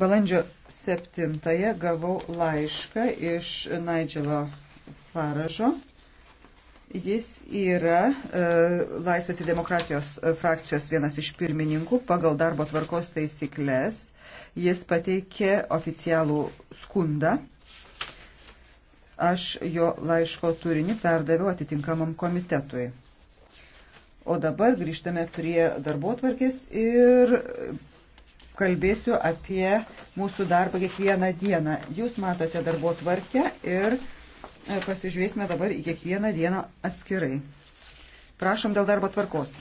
Balandžio 7 gavau laišką iš Naidželo Faražo. Jis yra e, Laisvės ir demokratijos e, frakcijos vienas iš pirmininkų pagal darbo tvarkos taisyklės. Jis pateikė oficialų skundą. Aš jo laiško turinį perdaviau atitinkamam komitetui. O dabar grįžtame prie darbo tvarkės ir kalbėsiu apie mūsų darbą kiekvieną dieną. Jūs matote darbo tvarkę ir e, pasižiūrėsime dabar į kiekvieną dieną atskirai. Prašom dėl darbo tvarkos.